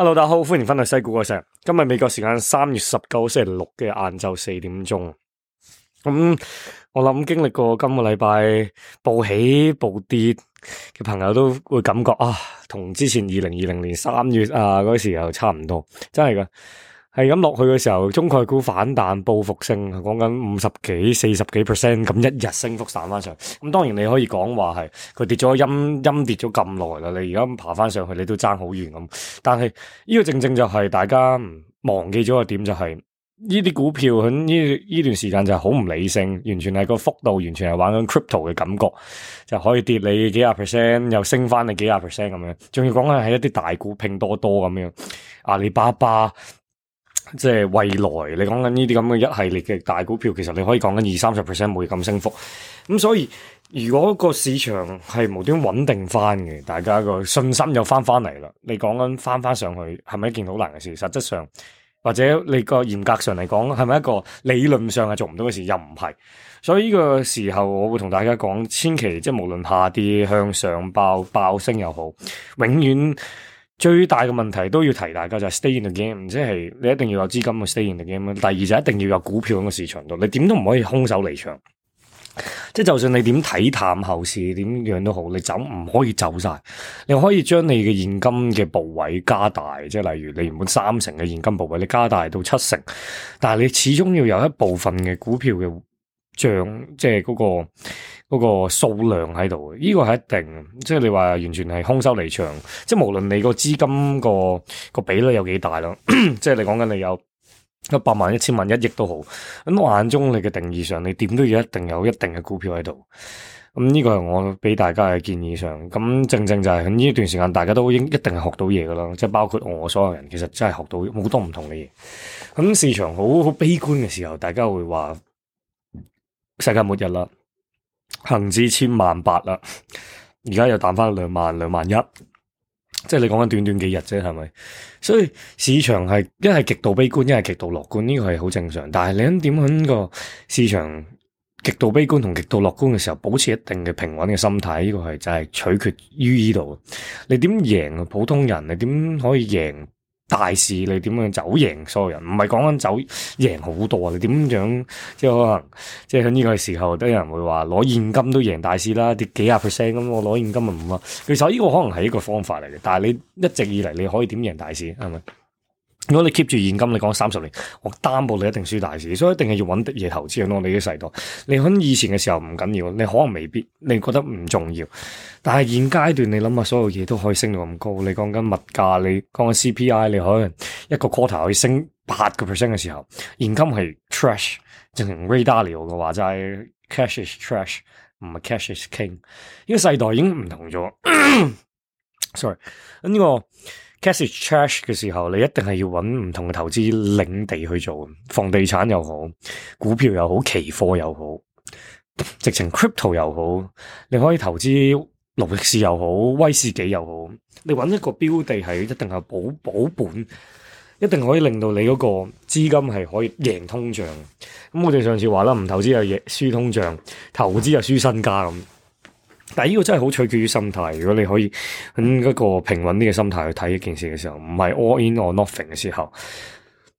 hello，大家好，歡迎翻去西股，我係石。今日美國時間三月十九星期六嘅晏晝四點鐘。咁、嗯、我諗經歷過今個禮拜暴起暴跌嘅朋友都會感覺啊，同之前二零二零年三月啊嗰時候差唔多，真係噶。係咁落去嘅時候，中概股反彈報復性，講緊五十幾、四十幾 percent 咁一日升幅散翻上去。咁當然你可以講話係佢跌咗陰陰跌咗咁耐啦，你而家咁爬翻上去，你都爭好遠咁。但係呢、呢個正正就係大家忘記咗個點、就係，就係呢啲股票喺呢呢段時間就係好唔理性，完全係個幅度，完全係玩緊 crypto 嘅感覺，就可以跌你幾廿 percent，又升翻你幾廿 percent 咁樣。仲要講緊係一啲大股，拼多多咁樣，阿里巴巴。即係未來，你講緊呢啲咁嘅一系列嘅大股票，其實你可以講緊二三十 percent 冇咁升幅。咁所以，如果個市場係無端穩定翻嘅，大家個信心又翻翻嚟啦。你講緊翻翻上去，係咪一件好難嘅事？實質上，或者你個嚴格上嚟講，係咪一個理論上係做唔到嘅事？又唔係。所以呢個時候，我會同大家講，千祈即係無論下跌、向上爆爆升又好，永遠。最大嘅問題都要提大家就係、是、stay in the game，即係你一定要有資金嘅 stay in the game。第二就一定要有股票喺個市場度，你點都唔可以空手離場。即係就算你點睇淡後市，點樣都好，你走唔可以走晒。你可以將你嘅現金嘅部位加大，即係例如你原本三成嘅現金部位，你加大到七成，但係你始終要有一部分嘅股票嘅漲，即係嗰、那個。嗰個數量喺度，呢個係一定，即係你話完全係空手離場，即係無論你個資金個個比率有幾大咯，即係你講緊你有一百萬、一千萬、一億都好，咁我眼中你嘅定義上，你點都要一定要有一定嘅股票喺度，咁、嗯、呢、這個係我俾大家嘅建議上，咁正正就係呢段時間，大家都應一定係學到嘢噶啦，即係包括我所有人，其實真係學到好多唔同嘅嘢。咁、嗯、市場好好悲觀嘅時候，大家會話世界末日啦。行至千萬八啦，而家又彈翻兩萬兩萬一，即係你講緊短短幾日啫，係咪？所以市場係一係極度悲觀，一係極度樂觀，呢個係好正常。但係你諗點樣喺個市場極度悲觀同極度樂觀嘅時候，保持一定嘅平穩嘅心態，呢個係就係取決於呢度。你點贏？普通人，你點可以贏？大市你點樣走贏所有人？唔係講緊走贏好多啊！你點樣，即係可能，即係喺呢個時候，都有人會話攞現金都贏大市啦，跌幾廿 percent 咁，我攞現金咪唔啊？其實呢個可能係一個方法嚟嘅，但係你一直以嚟你可以點贏大市係咪？.如果你 keep 住現金，你講三十年，我擔保你一定輸大市，所以一定係要揾啲嘢投資。我、嗯、諗你啲世代，你喺以前嘅時候唔緊要，你可能未必，你覺得唔重要。但係現階段你諗下，所有嘢都可以升到咁高。你講緊物價，你講緊 CPI，你可能一個 quarter 可以升八個 percent 嘅時候，現金係 trash，正如 Ray Dalio 嘅話就係 cash is trash，唔係 cash is king。呢個世代已經唔同咗。 sorry，呢、這個。cash is trash 嘅時候，你一定係要揾唔同嘅投資領地去做，房地產又好，股票又好，期貨又好，直情 crypto 又好，你可以投資勞力士又好，威士忌又好，你揾一個標地係一定係保保本，一定可以令到你嗰個資金係可以贏通脹。咁我哋上次話啦，唔投資又贏輸通脹，投資又輸身家咁。但係呢個真係好取決於心態。如果你可以、嗯、一個平穩啲嘅心態去睇一件事嘅時候，唔係 all in or nothing 嘅時候，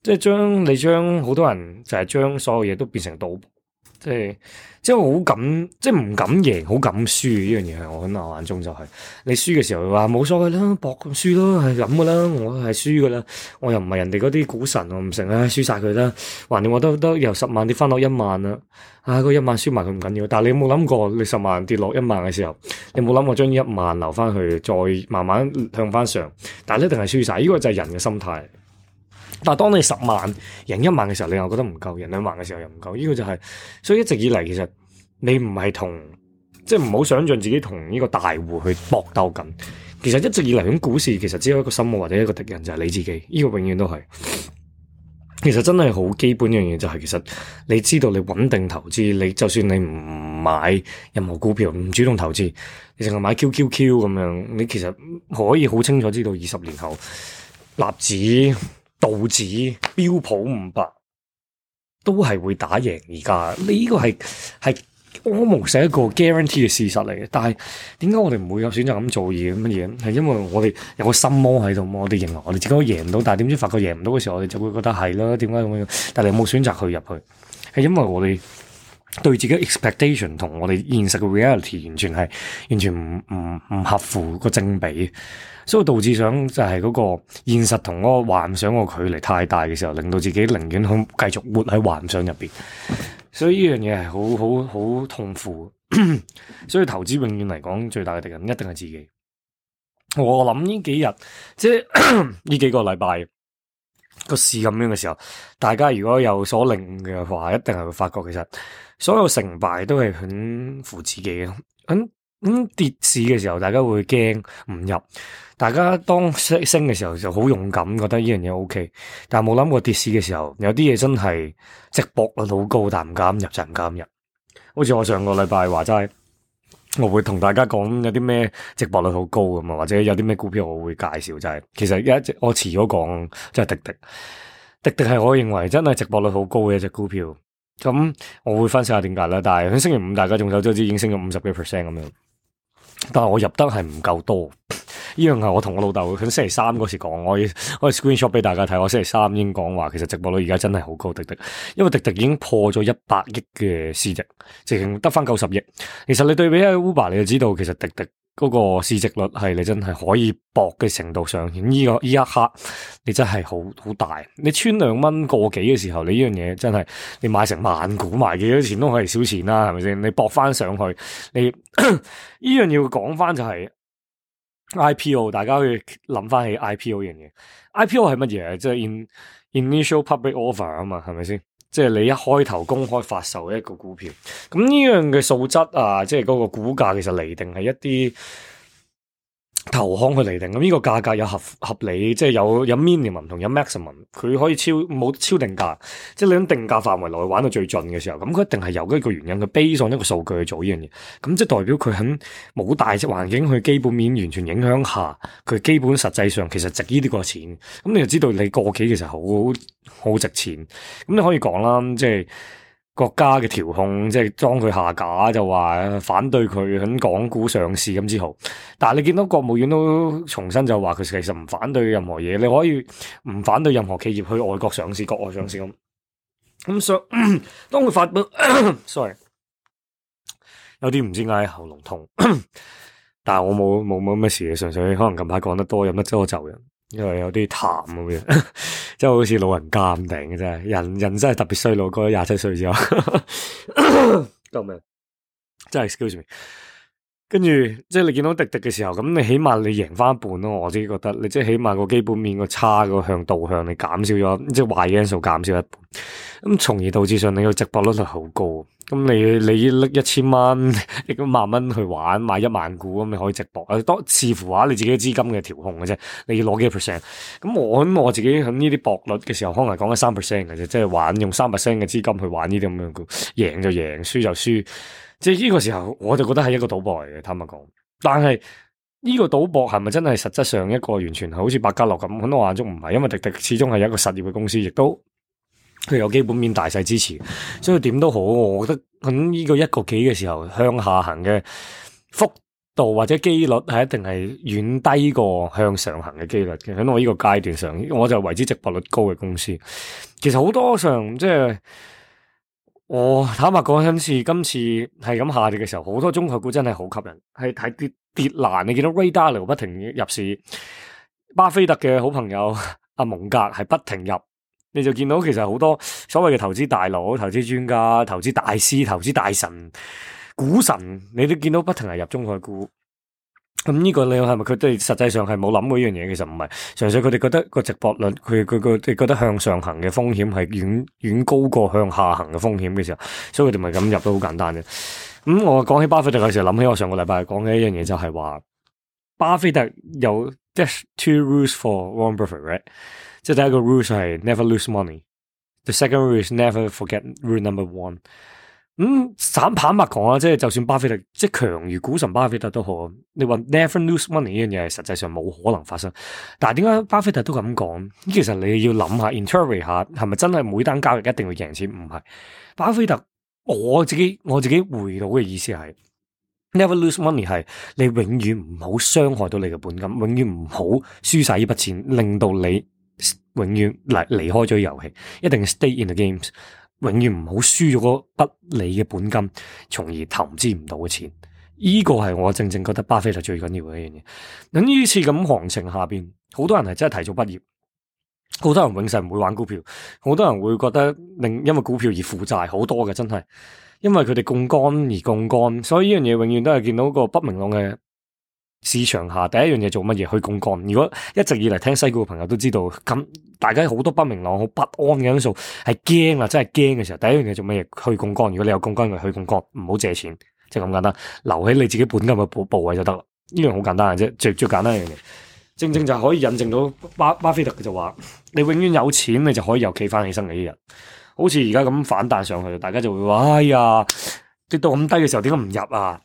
即係將你將好多人就係將所有嘢都變成賭。即係即係好敢即係唔敢贏，好敢輸呢樣嘢喺我喺我眼中就係、是、你輸嘅時候話冇所謂啦，搏咁輸咯係咁噶啦，我係輸噶啦，我又唔係人哋嗰啲股神，我唔成輸我啊，輸晒佢啦，橫掂我都都由十萬跌翻落一萬啦，啊個一萬輸埋佢唔緊要，但係你有冇諗過你十萬跌落一萬嘅時候，你有冇諗過將呢一萬留翻去再慢慢向翻上？但係咧一定係輸晒，呢、這個就係人嘅心態。但係當你十萬贏一萬嘅時候，你又覺得唔夠；贏兩萬嘅時候又唔夠。呢個就係，所以一直以嚟其實你唔係同，即係唔好想象自己同呢個大戶去搏鬥緊。其實一直以嚟喺股市，其實只有一個心魔或者一個敵人就係你自己。呢個永遠都係。其實真係好基本一樣嘢就係，其實你知道你穩定投資，你就算你唔買任何股票，唔主動投資，你淨係買 QQQ 咁樣，你其實可以好清楚知道二十年後納指。道指標普五百都係會打贏而家，呢個係係我無時一個 guarantee 嘅事實嚟嘅。但係點解我哋唔會有選擇咁做嘢？咁乜嘢？係因為我哋有個心魔喺度，我哋認為我哋自己都贏到，但係點知發覺贏唔到嘅時候，我哋就會覺得係咯，點解咁樣？但係你冇選擇去入去？係因為我哋，對自己 expectation 同我哋現實嘅 reality 完全係完全唔唔唔合乎個正比，所以我導致想就係嗰個現實同嗰個幻想個距離太大嘅時候，令到自己寧願喺繼續活喺幻想入邊。所以呢樣嘢係好好好痛苦。 所以投資永遠嚟講，最大嘅敵人一定係自己我。我諗呢幾日即係呢 幾個禮拜個市咁樣嘅時候，大家如果有所領悟嘅話，一定係會發覺其實。所有成敗都係很負自己嘅。咁咁跌市嘅時候，大家會驚唔入；大家當升嘅時候就好勇敢，覺得呢樣嘢 OK。但係冇諗過跌市嘅時候，有啲嘢真係值博率好高，但唔敢入就唔敢入。好似我上個禮拜話齋，我會同大家講有啲咩值博率好高咁啊，或者有啲咩股票我會介紹就係、是，其實一直我遲咗講，即、就、係、是、滴滴，滴滴係我認為真係值博率好高嘅一隻股票。咁、嗯、我會分析下點解啦，但係喺星期五大家眾所周知已經升咗五十幾 percent 咁樣，但係我入得係唔夠多。呢樣係我同我老豆喺星期三嗰時講，我以我係 screenshot 俾大家睇，我星期三已經講話，其實值博率而家真係好高，滴滴，因為滴滴已經破咗一百億嘅市值，直情得翻九十億。其實你對比喺 Uber，你就知道其實滴滴。嗰個市值率係你真係可以搏嘅程度上，呢個呢一刻你真係好好大。你穿兩蚊過幾嘅時候，你呢樣嘢真係你買成萬股買幾多錢都可以小錢啦、啊，係咪先？你搏翻上去，你呢 樣要講翻就係 IPO，大家去諗翻起 IPO 樣嘢。IPO 係乜嘢？即係 in initial public offer 啊嘛，係咪先？即係你一開頭公開發售一個股票，咁呢樣嘅素質啊，即係嗰個股價其實嚟定係一啲。投行去嚟定咁呢，這個價格有合合理，即係有有 minimum 同有 maximum，佢可以超冇超定價，即係你喺定價範圍內玩到最盡嘅時候，咁佢一定係由一個原因，佢 base 上一個數據去做呢樣嘢，咁即係代表佢喺冇大只環境去基本面完全影響下，佢基本實際上其實值呢啲個錢，咁你就知道你個企其實好好值錢，咁你可以講啦，即係。國家嘅調控，即係裝佢下架，就話反對佢喺港股上市咁之後。但係你見到國務院都重新就話佢其實唔反對任何嘢，你可以唔反對任何企業去外國上市、國外上市咁。咁所、嗯嗯、當佢發到 sorry 有啲唔知嗌喉嚨痛，但我冇冇冇咩事，純粹可能近排講得多，飲得多就因為有啲痰咁樣，即係好似 老人鑒定嘅真係，人人真係特別衰老，過咗廿七歲之後， 救命！ 真係 excuse me。跟住，即係你見到滴滴嘅時候，咁你起碼你贏翻一半咯。我自己覺得，你即係起碼個基本面個差個向度向你減少咗，即係壞因素減少一半，咁從而導致上你個直播率係好高。咁你你搦一千蚊，你一萬蚊去玩，買一萬股咁，你可以直播。誒，當視乎話你自己資金嘅調控嘅啫，你要攞幾 percent。咁我咁我自己喺呢啲博率嘅時候，可能講緊三 percent 嘅啫，即係玩用三 percent 嘅資金去玩呢啲咁樣股，贏就贏，輸就輸。即係呢個時候，我就覺得係一個賭博嚟嘅，坦白講。但係呢、這個賭博係咪真係實質上一個完全係好似百家樂咁？我眼中唔係，因為滴滴始終係一個實業嘅公司，亦都佢有基本面大細支持。所以點都好，我覺得喺呢個一個幾嘅時候，向下行嘅幅度或者機率係一定係遠低過向上行嘅機率嘅。喺我呢個階段上，我就為之值博率高嘅公司。其實好多上即係。我、哦、坦白講，好似今次係咁下跌嘅時候，好多中概股真係好吸引。係睇，跌跌爛，你見到 Ray Dalio 不停入市，巴菲特嘅好朋友阿、啊、蒙格係不停入，你就見到其實好多所謂嘅投資大佬、投資專家、投資大師、投資大神、股神，你都見到不停係入中概股。咁呢、嗯，這個你係咪佢哋實際上係冇諗過嗰樣嘢？其實唔係，純粹佢哋覺得個值博率，佢佢佢覺得向上行嘅風險係遠遠高過向下行嘅風險嘅時候，所以佢哋咪咁入得好簡單嘅。咁、嗯、我講起巴菲特嘅時候，諗起我上個禮拜講嘅一樣嘢就係話，巴菲特有 there are two rules for Warren Buffett，即係第一個 rule 係 never lose money，the second rule is never forget rule number one。咁散坦白講啊，即係就算巴菲特即係強如股神巴菲特都好，你話 never lose money 呢樣嘢係實際上冇可能發生。但係點解巴菲特都咁講？其實你要諗下 interpret 下，係咪真係每單交易一定會贏錢？唔係巴菲特，我自己我自己回到嘅意思係 never lose money 係你永遠唔好傷害到你嘅本金，永遠唔好輸晒呢筆錢，令到你永遠離離開咗遊戲，一定要 stay in the games。永遠唔好輸咗個不利嘅本金，從而投資唔到嘅錢，呢個係我正正覺得巴菲特最緊要嘅一樣嘢。等呢次咁行情下邊，好多人係真係提早畢業，好多人永世唔會玩股票，好多人會覺得令因為股票而負債好多嘅，真係因為佢哋槓桿而槓桿，所以呢樣嘢永遠都係見到個不明朗嘅市場下第一樣嘢做乜嘢去槓桿。如果一直以嚟聽西股嘅朋友都知道咁。大家好多不明朗、好不安嘅因素，係驚啦，真係驚嘅時候，第一樣嘢做咩？去槓桿。如果你有槓桿，咪去槓桿，唔好借錢，即係咁簡單，留喺你自己本金嘅部部位就得啦。呢樣好簡單嘅啫，最最簡單一樣嘢，正正就可以引證到巴巴菲特就話：你永遠有錢，你就可以又企翻起身嘅。一日好似而家咁反彈上去，大家就會話：哎呀，跌到咁低嘅時候點解唔入啊？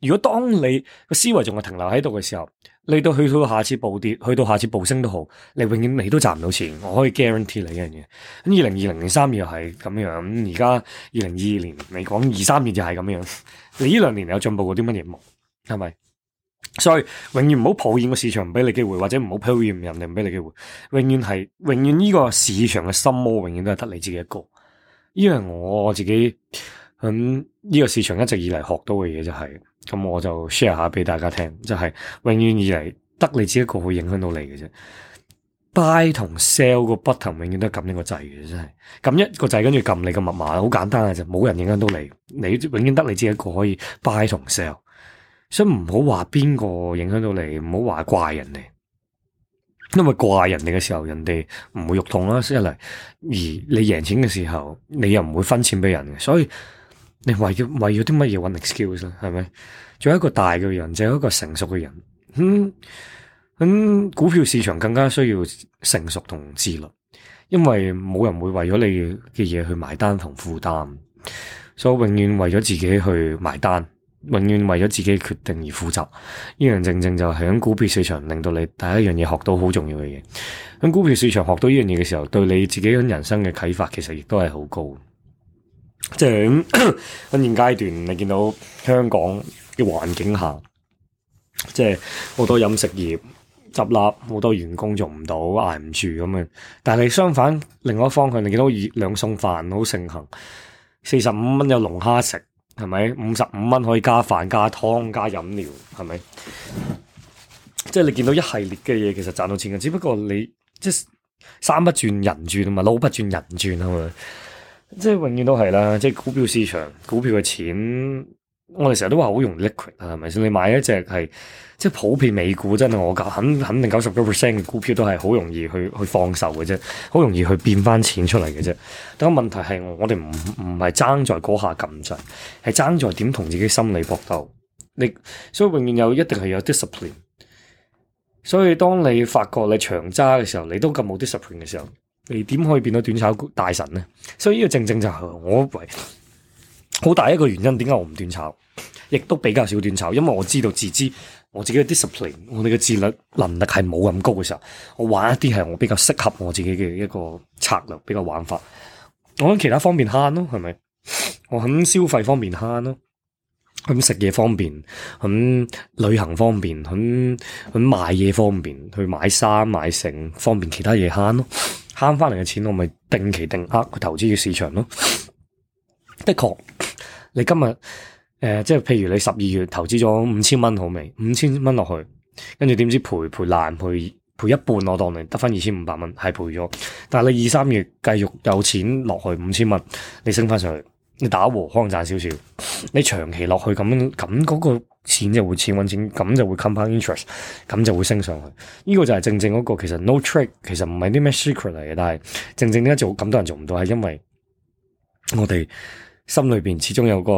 如果當你個思維仲係停留喺度嘅時候，你到去到下次暴跌，去到下次暴升都好，你永遠你都賺唔到錢。我可以 guarantee 你一樣嘢。咁二零二零年三月又係咁樣，咁而家二零二二年嚟講二三年就係咁樣。你呢兩年有進步過啲乜嘢冇？係咪？所以永遠唔好抱怨個市場唔俾你機會，或者唔好抱怨人哋唔俾你機會。永遠係永遠呢個市場嘅心魔，永遠都係得你自己一個。因為我自己。咁呢、嗯，這個市場一直以嚟學到嘅嘢就係、是，咁、嗯、我就 share 下俾大家聽，就係、是、永遠以嚟得你自己一個會影響到你嘅啫。buy 同 sell 個 button 永遠都係撳呢個掣嘅，真係撳一個掣跟住撳你個密碼，好簡單嘅啫，冇、就是、人影響到你。你永遠得你自己一個可以 buy 同 sell，所以唔好話邊個影響到你，唔好話怪人哋，因為怪人哋嘅時候，人哋唔會肉痛啦，一嚟；而你贏錢嘅時候，你又唔會分錢俾人嘅，所以。你為咗為咗啲乜嘢搵 excuse 咧？係咪？做一個大嘅人，做一個成熟嘅人。咁、嗯，咁、嗯、股票市場更加需要成熟同自律，因為冇人會為咗你嘅嘢去埋單同負擔，所以我永遠為咗自己去埋單，永遠為咗自己決定而負責。呢樣正正就係喺股票市場令到你第一樣嘢學到好重要嘅嘢。喺股票市場學到呢樣嘢嘅時候，對你自己人生嘅啟發其實亦都係好高。即係咁，現階段，你見到香港嘅環境下，即係好多飲食業執笠，好多員工做唔到，捱唔住咁樣，嗯。但係相反，另外一方向，你見到兩餸飯好盛行，四十五蚊有龍蝦食，係咪？五十五蚊可以加飯加湯加飲料，係咪？ 即係你見到一系列嘅嘢，其實賺到錢嘅，只不過你即係山不轉人轉同埋路不轉人轉係咪？即係永遠都係啦，即係股票市場，股票嘅錢，我哋成日都話好容易 liquid 啊，係咪先？你買一隻係，即係普遍美股真，真係我九肯肯定九十九個 percent 嘅股票都係好容易去去放手嘅啫，好容易去變翻錢出嚟嘅啫。但係問題係，我哋唔唔係爭在嗰下撳掣，係爭在點同自己心理搏鬥。你所以永遠有一定係有 discipline。所以當你發覺你長揸嘅時候，你都咁冇 discipline 嘅時候。你點可以變到短炒大神咧？所以呢個正正就係我好大一個原因。點解我唔短炒，亦都比較少短炒？因為我知道自知我自己嘅 discipline，我哋嘅自律能力係冇咁高嘅時候，我玩一啲係我比較適合我自己嘅一個策略，比較玩法。我喺其他方面慳咯、啊，係咪？我喺消費方面慳咯、啊，喺食嘢方面，喺旅行方面，喺喺買嘢方面去買衫買成方便其他嘢慳咯。慳翻嚟嘅錢，我咪定期定額去投資嘅市場咯。的確，你今日誒、呃，即係譬如你十二月投資咗五千蚊好未？五千蚊落去，跟住點知賠賠爛，賠賠，賠一半，我當你得翻二千五百蚊，係賠咗。但係你二三月繼續有錢落去五千蚊，你升翻上去。你打和可能賺少少，你長期落去咁咁嗰個錢就會錢揾錢，咁就會 compound interest，咁就會升上去。呢、這個就係正正嗰、那個其實 no trick，其實唔係啲咩 secret 嚟嘅，但係正正點解咁多人做唔到，係因為我哋心裏邊始終有個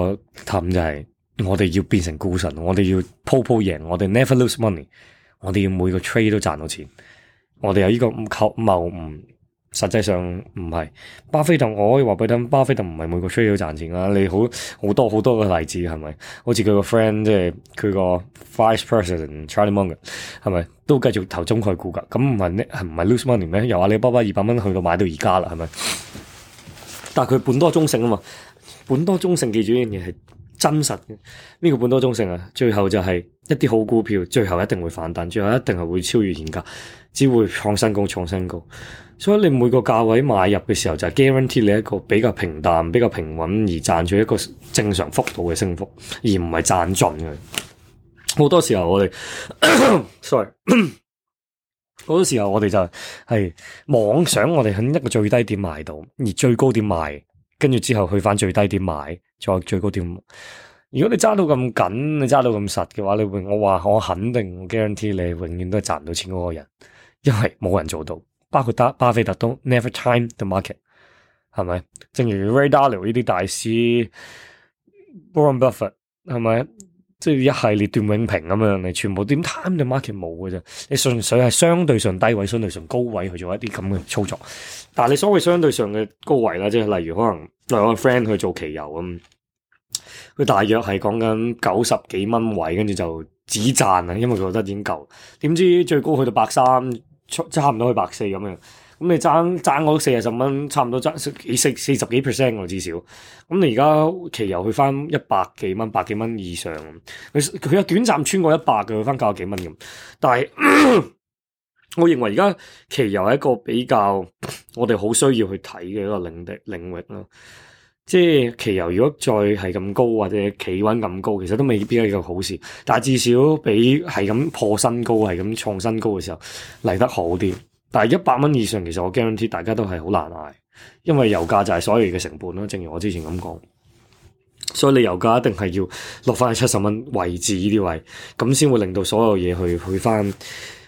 諗就係、是，我哋要變成股神，我哋要鋪鋪贏，我哋 never lose money，我哋要每個 trade 都賺到錢，我哋有呢個謬誤。實際上唔係，巴菲特我可以話俾你聽，巴菲特唔係每個 share、er、賺錢啦。你好好多好多個例子係咪？好似佢個 friend 即係佢個 vice president Charlie Munger 係咪都繼續投中概股㗎？咁唔係咧，係唔係 lose money 咩？由阿里巴巴二百蚊去到買到而家啦係咪？但係佢本多中性啊嘛，本多中性記住呢樣嘢係。真實嘅，呢、這個半多中性啊！最後就係一啲好股票，最後一定會反彈，最後一定係會超越現價，只會創新高、創新高。所以你每個價位買入嘅時候就係、是、guarantee 你一個比較平淡、比較平穩而賺住一個正常幅度嘅升幅，而唔係賺盡嘅。好多時候我哋 ，sorry，好 多時候我哋就係、是、妄想我哋喺一個最低點買到，而最高點賣，跟住之後去翻最低點買。在最高點，如果你揸到咁緊，你揸到咁實嘅話，你永我話我肯定，我 guarantee 你永遠都係賺唔到錢嗰個人，因為冇人做到，包括巴巴菲特都 never time the market，係咪？正如 Ray Dalio 呢啲大師，Warren Buffett 係咪？即係、就是、一系列段永平咁樣，你全部點 time the market 冇嘅啫，你純粹係相對上低位、相對上高位去做一啲咁嘅操作，但係你所謂相對上嘅高位啦，即係例如可能。我個 friend 去做期油咁，佢大約係講緊九十幾蚊位，跟住就只賺啦，因為佢覺得已經夠，點知最高去到百三，差唔多去百四咁樣。咁你爭爭嗰四十蚊，差唔多爭四四十幾 percent 至少。咁你而家期油去翻一百幾蚊，百幾蚊以上，佢佢有短暫穿過一百嘅，去翻九十幾蚊咁，但係。 我認為而家期油係一個比較我哋好需要去睇嘅一個領域領域咯。即係期油如果再係咁高或者企穩咁高，其實都未必係一個好事。但係至少比係咁破新高、係咁創新高嘅時候嚟得好啲。但係一百蚊以上，其實我 guarantee 大家都係好難挨，因為油價就係所有嘅成本啦。正如我之前咁講，所以你油價一定係要落翻去七十蚊位置呢啲位，咁先會令到所有嘢去去翻。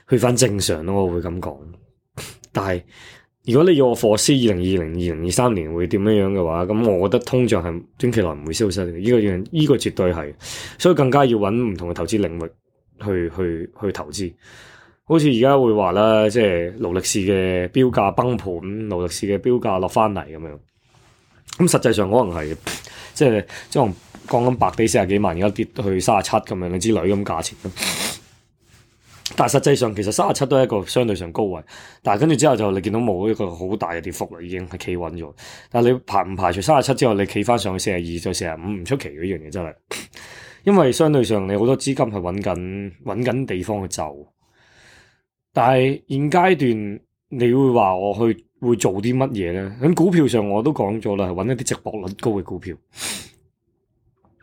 去翻正常咯，我會咁講。但係如果你要我 foresee 二零二零、二零二三年會點樣樣嘅話，咁我覺得通脹係短期內唔會消失嘅，依、這個樣，依、這個絕對係，所以更加要揾唔同嘅投資領域去去去，去投資。好似而家會話啦，即係勞力士嘅標價崩盤，勞力士嘅標價落翻嚟咁樣。咁實際上可能係即係將講緊百幾四十幾萬，而家跌去三十七咁樣之類咁價錢咯。但係實際上，其實三十七都係一個相對上高位。但係跟住之後就你見到冇一個好大嘅跌幅啦，已經係企穩咗。但係你排唔排除三十七之後，你企翻上去四十二就四十五唔出奇嗰樣嘢真係，因為相對上你好多資金係揾緊揾緊地方去走。但係現階段你會話我去會做啲乜嘢咧？喺股票上我都講咗啦，係揾一啲週息率高嘅股票。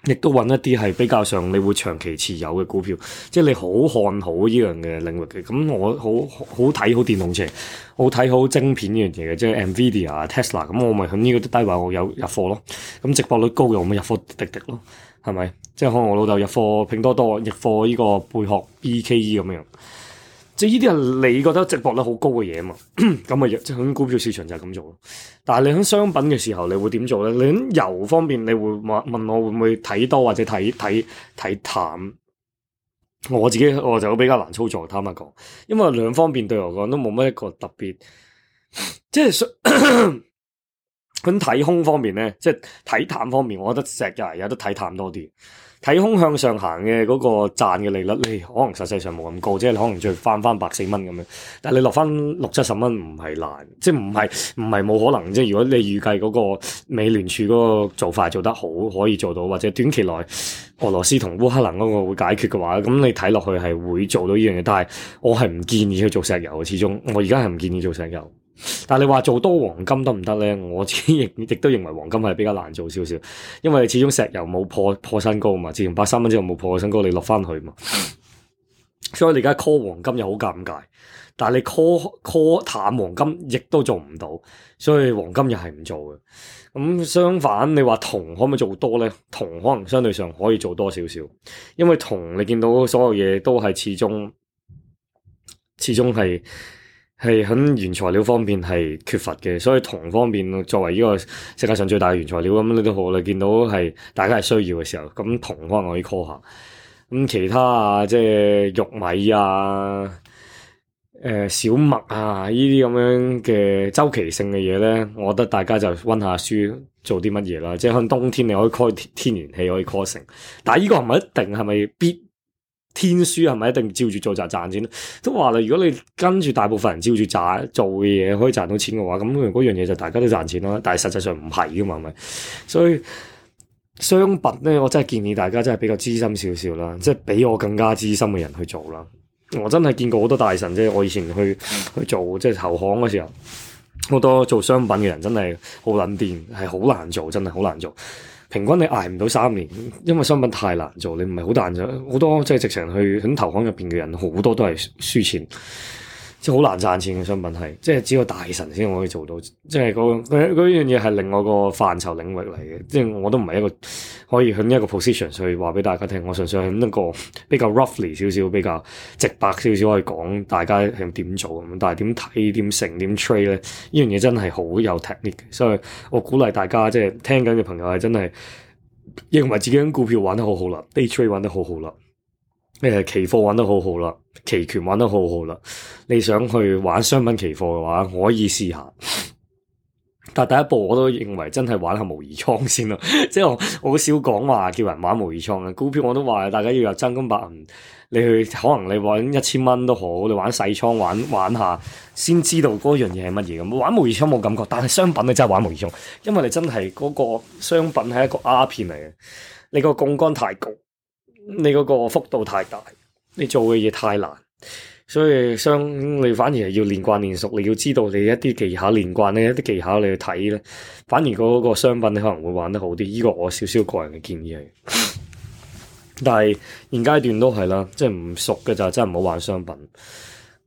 亦都揾一啲係比較上你會長期持有嘅股票，即係你看好，好，好看好呢樣嘅領域嘅。咁我好好睇好電動車，好睇好晶片呢樣嘢嘅，即係 NVIDIA、Tesla。咁我咪喺呢個低位我有入貨咯。咁值博率高嘅我咪入貨滴滴，滴咯，係咪？即係可能我老豆入貨拼多多，入貨呢個貝殼 BKE 咁樣。即係依啲係你覺得值博率好高嘅嘢啊嘛，咁啊即係喺股票市場就係咁做咯。但係你喺商品嘅時候，你會點做咧？你喺油方面，你會問問我會唔會睇多或者睇睇睇淡？我自己我就比較難操作，坦白講，因為兩方面對我講都冇乜一個特別。即係咁睇空方面咧，即係睇淡方面，我覺得石油有得睇淡多啲。睇空向上行嘅嗰個賺嘅利率，你可能實際上冇咁高，即係你可能再翻翻百四蚊咁樣。但係你落翻六七十蚊唔係難，即係唔係唔係冇可能。即係如果你預計嗰個美聯儲嗰個做法做得好，可以做到，或者短期內俄羅斯同烏克蘭嗰個會解決嘅話，咁你睇落去係會做到呢樣嘢。但係我係唔建議去做石油嘅，始終我而家係唔建議做石油。但係你話做多黃金得唔得咧？我自亦亦都認為黃金係比較難做少少，因為始終石油冇破破新高啊嘛，自從八三蚊之後冇破新高，你落翻去嘛， 所以你而家 call 黃金又好尷尬。但係你 call call 淡黃金亦都做唔到，所以黃金又係唔做嘅。咁相反，你話銅可唔可以做多咧？銅可能相對上可以做多少少，因為銅你見到所有嘢都係始終始終係。係喺原材料方面係缺乏嘅，所以銅方面作為呢個世界上最大嘅原材料咁，你都好啦，見到係大家係需要嘅時候，咁銅可能可以 call 下。咁其他啊，即係玉米啊、誒、呃、小麥啊呢啲咁樣嘅周期性嘅嘢咧，我覺得大家就温下書，做啲乜嘢啦？即係可能冬天你可以 call，天，天然氣可以 call 成，但係呢個唔係一定係咪必？天書係咪一定照住做就賺錢咧？都話啦，如果你跟住大部分人照住賺做嘅嘢，可以賺到錢嘅話，咁嗰樣嘢就大家都賺錢啦。但係實際上唔係噶嘛，係咪？所以商品咧，我真係建議大家真係比較資深少少啦，即係比我更加資深嘅人去做啦。我真係見過好多大神，即係我以前去去做即係、就是、投行嘅時候，好多做商品嘅人真係好撚掂，係好難做，真係好難做。平均你捱唔到三年，因為商品太難做，你唔係好難做，好多即係直情去響投行入面嘅人好多都係輸錢。即係好難賺錢嘅商品係，即係只有大神先可以做到。即係嗰樣嘢係另外一個範疇領域嚟嘅，即係我都唔係一個可以向一個 position 去話俾大家聽。我純粹向一個比較 roughly 少少、比較直白少少去講大家係點做咁。但係點睇、點成、點 trade 咧？呢樣嘢真係好有 technic，所以我鼓勵大家即係聽緊嘅朋友係真係認為自己喺股票玩得好好啦，day trade 玩得好好啦。咩期貨玩得好好啦，期權玩得好好啦。你想去玩商品期貨嘅話，可以試下。但第一步我都認為真係玩下模擬倉先啦。即係我好少講話叫人玩模擬倉嘅股票我，我都話大家要有真金白銀。你去可能你玩一千蚊都好，你玩細倉玩玩下，先知道嗰樣嘢係乜嘢嘅。玩模擬倉冇感覺，但係商品你真係玩模擬倉，因為你真係嗰個商品係一個鴉片嚟嘅，你個槓桿太高。你嗰個幅度太大，你做嘅嘢太難，所以商你反而係要練慣練熟，你要知道你一啲技巧，練慣咧一啲技巧，你去睇咧，反而嗰個商品你可能會玩得好啲。呢個我少少個人嘅建議係， 但係現階段都係啦，即係唔熟嘅就真係唔好玩商品。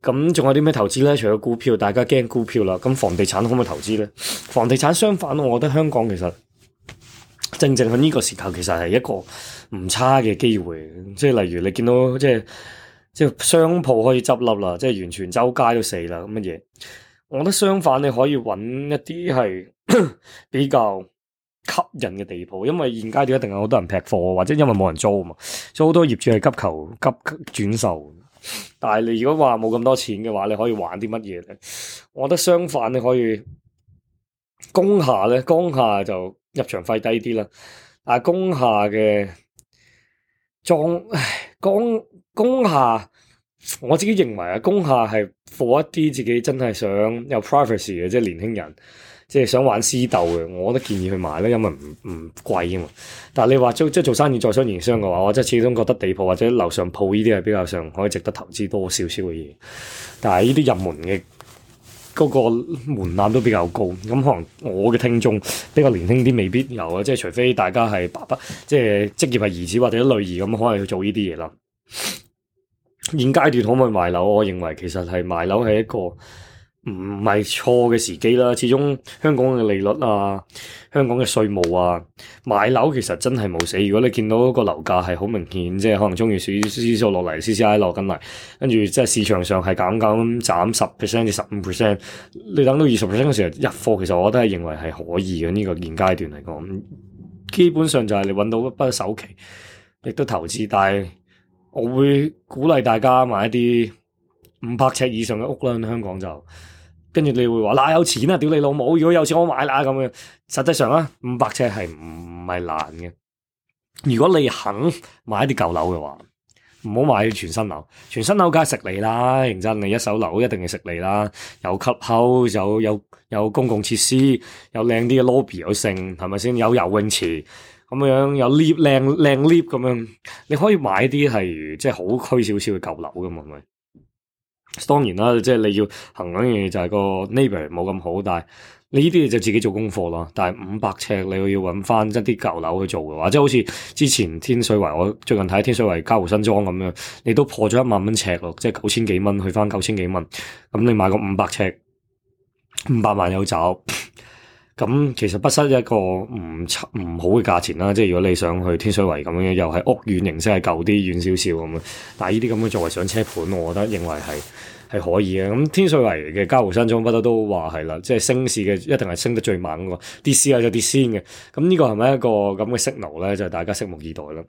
咁仲有啲咩投資咧？除咗股票，大家驚股票啦。咁房地產可唔可以投資咧？房地產相反，我覺得香港其實。正正喺呢個時候，其實係一個唔差嘅機會。即係例如你見到即係即係商鋪可以執笠啦，即係完全周街都死啦咁嘅嘢。我覺得相反，你可以揾一啲係 比較吸引嘅地鋪，因為現階段一定有好多人劈貨，或者因為冇人租啊嘛，所以好多業主係急求急轉售。但係你如果話冇咁多錢嘅話，你可以玩啲乜嘢呢？我覺得相反，你可以供下咧，供下就～入場費低啲啦，啊，工廈嘅莊，工工廈，我自己認為啊，工廈係 for 一啲，自己真係想有 privacy 嘅，即係年輕人，即係想玩私鬥嘅，我都建議去買咧，因為唔唔貴啊嘛。但係你話做即係做生意，再商營商嘅話，我就始終覺得地鋪或者樓上鋪呢啲係比較上可以值得投資多少少嘅嘢。但係呢啲入門嘅。嗰個門檻都比較高，咁可能我嘅聽眾比較年輕啲，未必有啊。即係除非大家係爸爸，即係職業係兒子或者女兒咁，可能去做呢啲嘢啦。現階段可唔可以買樓？我認為其實係買樓係一個唔係錯嘅時機啦，始終香港嘅利率啊，香港嘅稅務啊，買樓其實真係冇死。如果你見到個樓價係好明顯，即係可能中原指數落嚟，C C I 落緊嚟，跟住即係市場上係減咁，斬十 percent 至十五 percent，你等到二十 percent 嗰時候入貨，其實我都係認為係可以嘅。呢個現階段嚟講，基本上就係你揾到一筆首期，亦都投資，但係我會鼓勵大家買一啲五百尺以上嘅屋啦。香港就～跟住你會話嗱、啊、有錢啊，屌你老母！如果有錢我買啦、啊、咁樣。實際上啊，五百尺係唔係難嘅。如果你肯買啲舊樓嘅話，唔好買全新樓。全新樓梗係食你啦，認真你一手樓一定係食你啦。有 clubhouse，有有有公共設施，有靚啲嘅 lobby 有剩，係咪先？有游泳池咁樣，有 lift 靚靚 lift 咁樣，你可以買啲係即係好區少少嘅舊樓嘅嘛，係咪？當然啦，即係你要衡量一樣嘢就係個 neighbor 冇咁好，但係你呢啲嘢就自己做功課咯。但係五百尺你要揾翻一啲舊樓去做嘅話，即係好似之前天水圍，我最近睇天水圍嘉湖新莊咁樣，你都破咗一萬蚊尺咯，即係九千幾蚊去翻九千幾蚊，咁你買個五百尺，五百萬有找。 咁其實不失一個唔唔好嘅價錢啦，即係如果你想去天水圍咁樣，又係屋苑形式係舊啲，遠少少咁。但係呢啲咁嘅作為上車盤，我覺得認為係係可以嘅。咁、嗯、天水圍嘅嘉湖山莊不得都話係啦，即係升市嘅一定係升得最猛嘅，跌市啊、就跌先有跌先嘅。咁呢個係咪一個咁嘅信號？咧就是、大家拭目以待啦。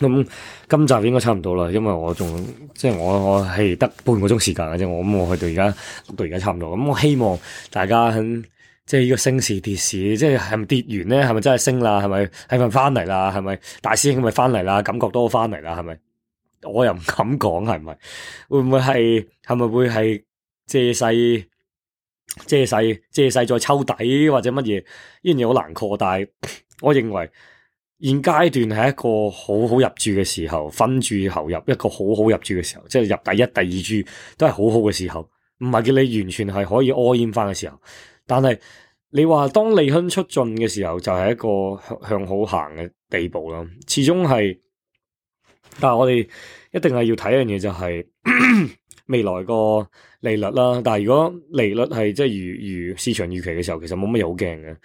咁、嗯、今集應該差唔多啦，因為我仲即係我係得半個鐘時間嘅啫，我諗我去、嗯、到而家到而家差唔多。咁、嗯、我希望大家喺。即係呢個升市跌市，即係係咪跌完咧？係咪真係升啦？係咪係咪翻嚟啦？係咪大師兄咪翻嚟啦？感覺都翻嚟啦？係咪？我又唔敢講，係咪？會唔會係？係咪會係借勢？借勢？借勢再抽底或者乜嘢？呢樣嘢好難擴大。我認為現階段係一個好好入住嘅時候，分住後入一個好好入住嘅時候，即係入第一、第二住，都係好好嘅時候，唔係叫你完全係可以 all in 翻嘅時候。但係你話當利空出盡嘅時候，就係、是、一個向向好行嘅地步啦。始終係，但係我哋一定係要睇一樣嘢、就是，就係未來個利率啦。但係如果利率係即係如如市場預期嘅時候，其實冇乜嘢好驚嘅。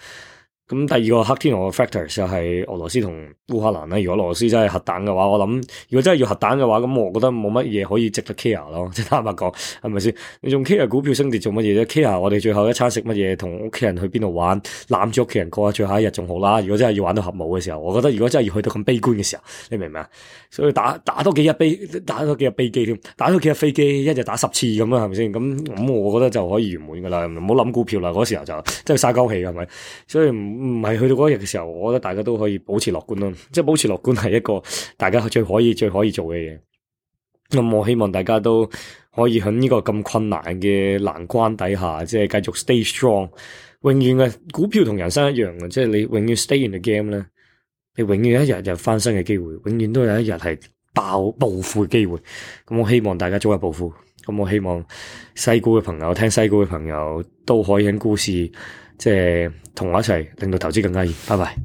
咁第二個黑天鵝嘅 factor 就係俄羅斯同烏克蘭咧。如果俄羅斯真係核彈嘅話，我諗如果真係要核彈嘅話，咁我覺得冇乜嘢可以值得 care 咯。即係坦白講，係咪先？你仲 care 股票升跌做乜嘢啫？care 我哋最後一餐食乜嘢？同屋企人去邊度玩？攬住屋企人過下最後一日仲好啦。如果真係要玩到核武嘅時候，我覺得如果真係要去到咁悲觀嘅時候，你明唔明啊？所以打打多幾日飛，打多幾日飛機添，打多幾日飛機，一日打十次咁樣，係咪先？咁咁、嗯、我覺得就可以圓滿噶啦，唔好諗股票啦。嗰時候就真係嘥鳩氣係咪？所以唔係去到嗰日嘅時候，我覺得大家都可以保持樂觀咯。即係保持樂觀係一個大家最可以、最可以做嘅嘢。咁我希望大家都可以喺呢個咁困難嘅難關底下，即係繼續 stay strong。永遠係股票同人生一樣嘅，即係你永遠 stay in the game 咧，你永遠一日有翻身嘅機會，永遠都有一日係爆暴富嘅機會。咁我希望大家早日暴富。咁我希望西股嘅朋友聽西股嘅朋友都可以喺股市。即係同我一齊，令到投資更加易。拜拜。